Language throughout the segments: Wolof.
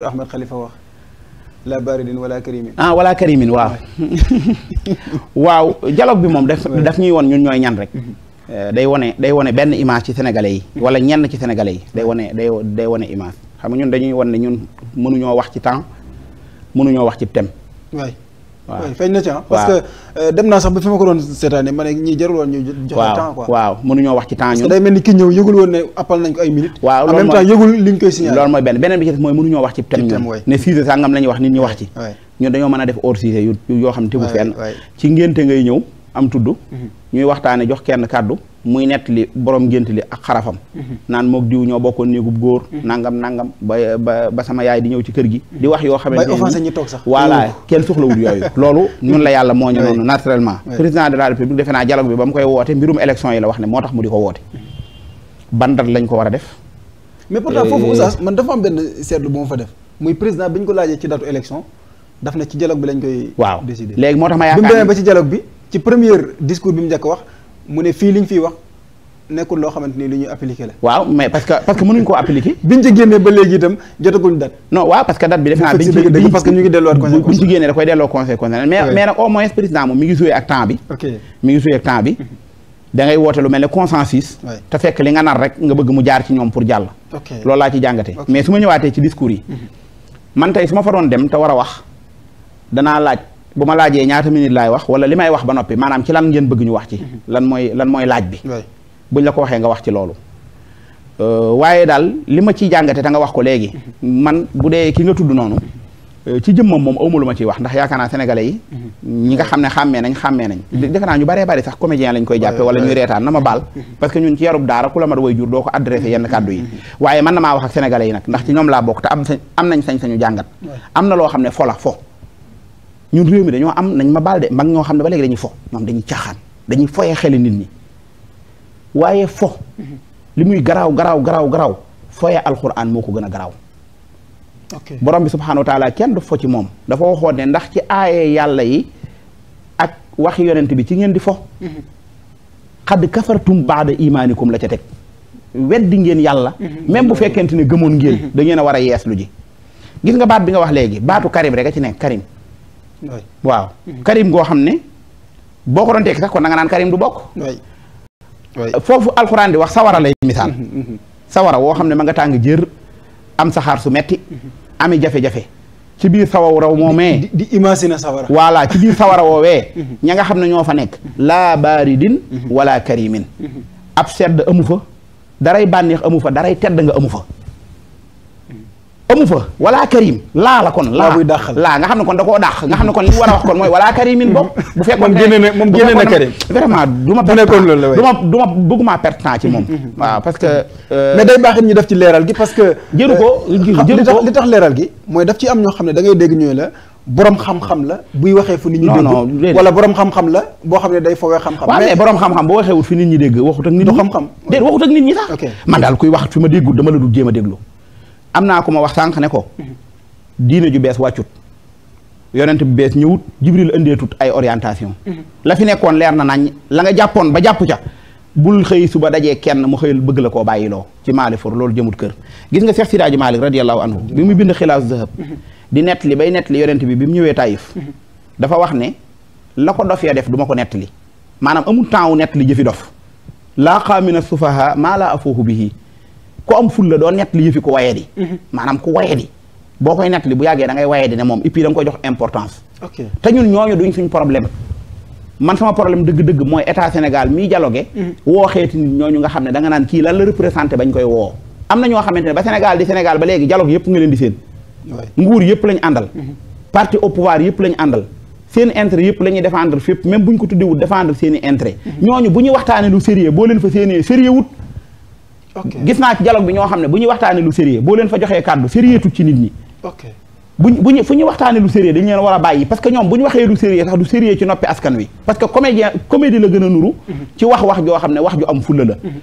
Ahmed Khalifa wax la baridin wala karimin ah wala karimin waaw waaw dialogue bi moom daf daf ñuy won ñun ñooy ñan rek mhm. eh, day wone day wone benn image ci sénégalais yi mhm. wala ñenn ci sénégalais yi day wone day day wone image xam nga ñun dañuy won ne ñun mënuñoo wax ci temps mënuñoo wax ci thème waaw feeñ na ci ah. parce que euh, dem naa sax ba fi ma ko doon seetaane ma ne ñi jarul woon joxe temps quoi waaw mënuñoo wax ci temps ñun day mel ni ki ñëw yëgul woon ne appal nañ ko ay minutes waaw en même mooy benn beneen bi ci des mooy mënuñoo wax ci thème ñun ne sise sàngam la ñuy wax nit ñu wax ci ñun dañoo mën a def hors sujet yoo xam ne tegul fenn ci ngénte ngay ñëw am tudd mhm. ñuy waxtaane jox kenn kàddu muy nett li borom ngént li ak xarafam mm-hmm. naan moog diw ñoo bokkoon néegub góor mm-hmm. nangam nangam ba ba sama yaay di ñëw ci kër gi di wax yoo xamante ne voilà mm-hmm. kenn soxlawul yooyu loolu ñun la yàlla moo ñu noonu naturellement président de la république defe naa dialogue bi ba mu koy woote mbirum élection yi la wax ne moo tax mu di ko woote ban date lañ ko war a def mais pourtant foofu euh, oustaz man dafa am benn seetlu bu ma fa def muy président bi ñu ko laajee ci datu élection daf na ci dialogue bi lañ koy. waaw décider léegi moo tax ma yaakaar bi mu demee ba ci dialogue bi ci premier discours bi mu njëkk wax mu ne fii wax nekkul loo xamante ni lu ñuy appliqué la. waaw mais parce que parce que mënuñ koo appliqué. bi naa. biñ ci parce ñu ngi delloowaat conseil buñ conseil conseil mais mais nag au moins président moom mi ngi joué ak temps bi. mi ngi joué ak temps bi. Mhm. da woote lu mel ne consensus. te fekk li nga nar rek nga bëgg mu jaar ci ñoom pour jàll. ok loolu laa ci jàngatee. mais su ma ñëwaatee ci discours yi. Mhm. man tey su ma fa dem te war a wax danaa laaj bu ma laajee ñaata minute laay wax wala li may wax ba noppi maanaam ci lan ngeen bëgg ñu wax ci mhm. lan mooy lan mooy laaj bi buñ la ko waxee nga wax ci loolu euh, waaye daal li ma ciy jàngate te nga wax ko léegi mhm. man bu dee ki nga tudd noonu mhm. euh, ci jëmmam moom awma lu ma ciy wax ndax yaakaar naa sénégalais yi ñi nga xam ne xàmmee nañ xàmmee nañ defe naa ñu baree bari sax comédien lañ koy jàppe wala ñuy reetaan na ma baal parce que ñun ci yarub daara ku la mat way jur doo na maa ñoom laa bokk te am am nañ sañ-sañu na loo xam ne fo ñun réew mi dañoo am nañ ma baal de mag ñoo xam ne ba léegi dañuy fo ñoom dañuy caaxaan dañuy foyee xeli nit ñi waaye fo li muy garaaw garaaw garaaw garaaw foyee alquran moo ko gën a garaaw ok borom bi subxanahu wa taala kenn du fo ci moom dafa waxoon ne ndax ci aaye yàlla yi ak waxi yonent bi ci ngeen di fo. xadd kafartum baada koom la ca teg. weddi ngeen yàlla. même bu fekkente ne gëmoon ngeen. da a war a yees lu ji. gis nga baat bi nga wax léegi baatu karim rek a ci nekk karim. waaw mm-hmm. Karim goo xam ne boo ko doon tekki sax kon da naan Karim du bokk. foofu alxuraan di wax sawara lay misaal. Mm-hmm, mm-hmm. sawara woo xam ne ma nga tàng jër am saxaar su metti ami jafe-jafe. ci biir sawaw raw moomee. di di imaginer sawara. voilà ci biir sawara woowee. ña nga xam ne ñoo fa nekk. laa baaridin wala karimin. ab sedd amu fa. daray bànneex amu fa daray tedd nga amu fa. amu fa wala karim laa la kon laa laa nga xam ne kon da koo dàq nga xam ne kon li war a wax kon mooy wala karim in bu fekkoon moom moom que euh, mais day baax it def ci leeral gi parce que jëru euh, ko li tax leeral gi mooy daf ci am ñoo xam ne da ngay dégg ñooy la borom xam-xam la buy waxee fu nit ñi dégg wala borom xam-xam la boo xam ne day foowee xam-xam mais borom xam-xam boo waxeewut fi nit ñi dégg waxut ak nit ñi sax man daal kuy wax fi ma déggul dama la dul jéem a déglu am naa ko ma wax sànq ne ko diine ju bees wàccut yonent bi bees ñëwut jibril ëndeetut ay orientation la fi nekkoon leer na nañ la nga jàppoon ba jàpp ca bul xëy suba dajee kenn mu xëyal bëgg la koo bàyyiloo ci maali for loolu jëmut kër gis nga Seex Sidaaji Maalik radiyallahu anhu bi muy bind xilaasu zahab di nett li bay nett li yonent bi bi mu ñëwee Taïf dafa wax ne la ko dof ya def duma ko nett li maanaam amul temps wu nett li jëfi dof laa qaamina sufaha maa ku am ful la doo nettali yëfi ko waye di mhm. maanaam ku waye di boo koy nettali bu yàggee da waye di ne moom et puis koy jox importance ok ñun ñooñu duñ suñ problème man sama problème dëgg-dëgg mooy état Sénégal mii dialogue mhm. woo xeeti nit ñooñu nga xam ne da naan kii lan la représenté bañ koy woo am na ñoo xamante ne ba Sénégal di Sénégal ba léegi dialogue yëpp nga leen di seen nguur yëpp lañ àndal mhm. parti au pouvoir yëpp lañ àndal seen intérêt yëpp gis naa ci bi ñoo xam ne bu ñuy waxtaanee lu sérieux boo leen fa joxee kàddu sérieux tut ci nit ñi buñ buñu fu ñuy waxtaanee lu sérieux dañ leen war a bàyyi parce que ñoom bu ñu waxee lu sérieux sax du sérieux ci noppi askan wi parce que comédien la gën a nuru mhm. ci wax wax joo xam ne wax ju am fulla la mhm.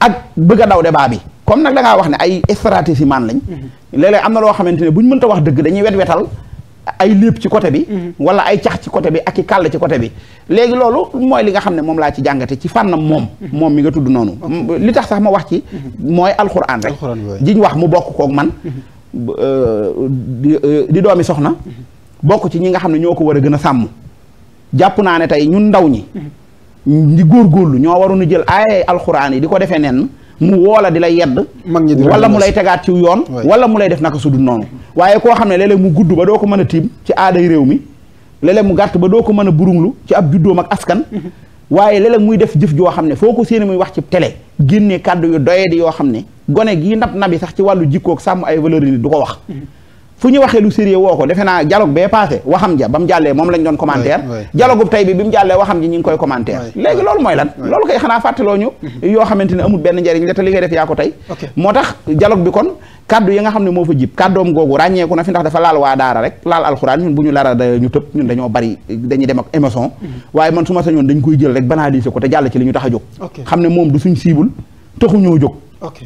ak bëgg a daw débat bi comme nag da wax ne ay stratégie lañ mhm. léeg-léeg am na loo xamante bu ñu mënta wax dëgg dañuy wet wetal ay lépp ci côté bi mhm. wala ay cax ci côté bi ak i kàll ci côté bi léegi loolu mooy li nga xam ne moom laa ci jàngate ci fànnam moom mhm. moom mi nga tudd noonu li tax sax ma wax ci mhm. mooy alxuraan rek jiñ wax mu bokk koog man euh, euh, di doomi soxna bokk ci ñi nga xam ne ñoo ko war a gën a sàmm jàpp naa ne tey ñun ndaw ñi góor góorlu ñoo waroon a jël ay alxuraan yi di ko defee nenn mu woola di la yedd wala mu lay tegaat ci yoon wala mu lay def naka su dul noonu waaye koo xam ne léeg mu gudd ba doo ko mën a tiim ci aaday réew mi léeg mu gàtt ba doo ko mën a burunglu ci ab juddoom ak askan waaye léeg muy def jëf joo xam ne foo ko séeni muy wax ci tele génne kàddu yu doyee di yoo xam ne gone gii nab nabi sax ci wàllu jikkoog sàmm ay valeur yi du ko wax mhm. fu ñu waxee lu sérieux woo ko defe naa dialogue bee passé waxam ja ba mu jàllee moom lañ doon commentaire dialogue bu bi bi mu jàllee waxam ji ñu ngi koy commentaire léegi loolu mooy lan loolu koy xanaa fàttaloo ñu mhm. yoo xamante ne amul benn njariñ la te li def yaa ko tey moo tax dialogue bi kon kaddu nga xam ne moo fa jib kaddoom googu ràññeeku na fi ndax dafa laal waa daara rek laal alxuraan ñun bu ñu lara da tëb ñun dañoo bari dañuy dem ak émotion mhm. waaye man su ma sañoon dañ koy jël rek banaliser ko te jàll ci li ñu tax a jóg xam ne moom du suñ siibul taxuñoo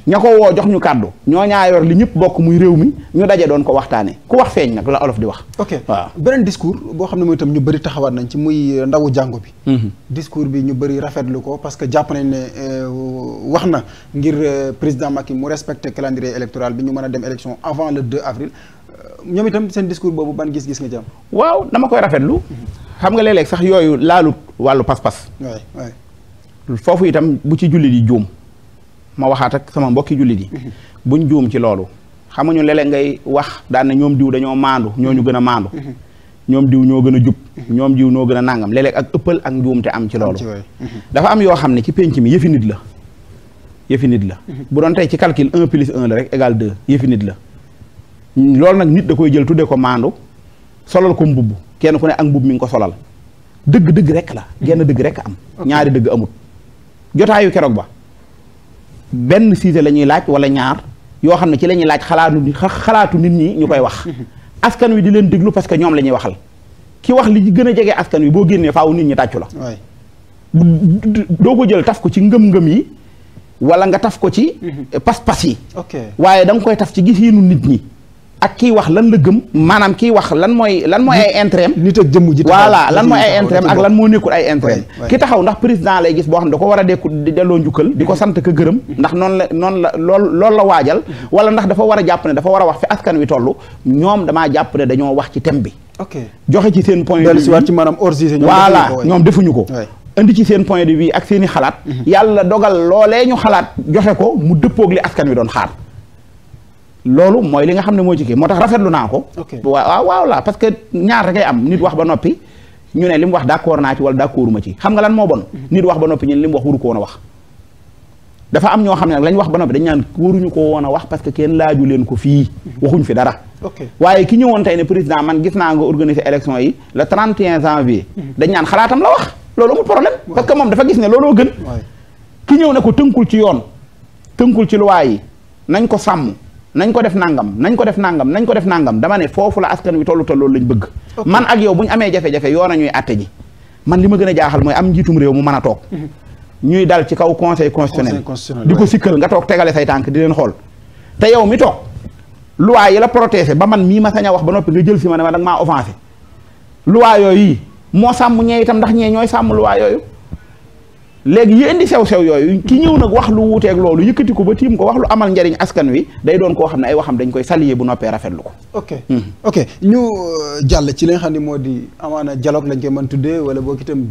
ña ko woo jox ñu kàddu ñoo ñaa yor li ñëpp bokk muy réew mi ñu daje doon ko waxtaane ku wax feeñ nag la olof di wax ok waaw beneen discours boo xam ne mooy itam ñu bëri taxawaat nañ ci muy euh, ndawu jàngo bi mhm. discours bi ñu bëri rafetlu ko parce que jàpp nañ ne euh, wax na ngir euh, président Macky mu respecté calendrier électoral bi ñu mën a dem élection avant le 2 avril ñoom itam seen discours boobu ban gis-gis nga ci waaw dama koy rafetlu xam nga léeg-léeg sax yooyu laalut wàllu pas-pas foofu itam bu ci julli yi juum ma waxaat ak sama mbokki jullit yi buñ juum ci loolu xamuñu léeg-léeg ngay wax daan na ñoom diw dañoo maandu ñoo ñu gën a maandu ñoom diw ñoo gën a jub ñoom diw noo gën a nàngam léeg ak ëppal ak njuumte am ci loolu mhm. dafa am yoo xam ne ci pénc mi yëfi nit la yëfi la mhm. bu doon tey ci calcul un plus un la rek égal deux yëfi la loolu nag nit da koy jël tudde ko maandu solal ko mbubb kenn ku ne ak mbubb mi nga ko solal dëgg dëgg rek la genn mhm. dëgg rek am ñaari dëgg amut jotaayu keroog ba benn sujet la ñuy laaj wala ñaar yoo xam ne ci lañuy laaj xalaatu nit xalaatu nit ñi ñu koy wax askan wi di leen déglu parce que ñoom la ñuy waxal ki wax li gën a jege askan wi boo génnee faaw nit ñi tàccu la doo ko jël taf ko ci ngëm-ngëm yi wala nga taf ko ci mm-hmm. pas-pas yi waaye da nga koy taf ci gisiinu nit ñi ak kiy wax lan la gëm maanaam kiy wax lan mooy lan mooy ay intérêt nit ak jëmm ji voilà lan mooy ay intérêt ak lan moo nekkul ay intérêt ki taxaw ndax président lay gis boo xam da ko war a dekku delloo njukkal di ko sant ka gërëm ndax noonu la noonu la lool la waajal wala ndax dafa war a jàpp ne dafa war a wax fi askan wi toll ñoom dama jàpp ne dañoo wax ci thème bi ok joxe ci seen point de vue ci maanaam voilà ñoom defuñu ko indi ci seen point de vue ak seeni xalaat mhm. yàlla dogal loolee ñu xalaat joxe ko mu dëppoog li askan wi doon xaar loolu mooy li nga xam ne moo ci kii moo tax rafetlu naa ko. waaw waaw la parce que ñaar rek am nit wax ba noppi ñu ne li mu wax d'accord naa ci wala d'accordu ma ci xam nga lan moo bon. Mm-hmm. nit wax ba noppi ñu ne li wax wuru ko woon a wax. dafa am ñoo xam ne nag lañ wax ba noppi dañ naan waruñu ko woon a wax parce que kenn laaju leen ko fii. Mm-hmm. waxuñ fi dara. waaye ki ñëwoon tey ne président man gis naa nga organiser élection yi le 31 janvier. Mm-hmm. dañ naan xalaatam la wax loolu amul problème. parce moom dafa gis ne looloo gën. ki ñëw ne ko tënkul ci yoon tënkul ci luwaa yi nañ ko sàmm nañ ko def nangam nañ ko def nangam nañ ko def nangam dama ne foofu la askan wi tollu tolloolu lañ bëgg man ak yow bu ñu amee jafe-jafe yoo nañuy atte ji man li ma gën a jaaxal mooy am njiitum réew mu mën a toog mhm. ñuy dal ci kaw conseil constitutionnel di ko sikkal nga toog tegale say tànk di leen xool te yow mi toog loi yi la protéger ba man mii ma sañ a wax ba noppi nga jël si ma ne ma danga maa offensé loi yooyu moo sàmm ñee itam ndax ñee ñooy sàmm yooyu léegi yi indi sew-sew yooyu ki ñëw nag wax lu wuuteeg loolu yëkkati ko ba tiim ko wax lu amal njariñ askan wi day doon koo xam ne ay waxam dañ koy saliye bu noppee rafetlu ko ok hmm. ok ñu euh, jàll ci li xam ne moo di amaana dialogue lañ koy mën tuddee wala boo itam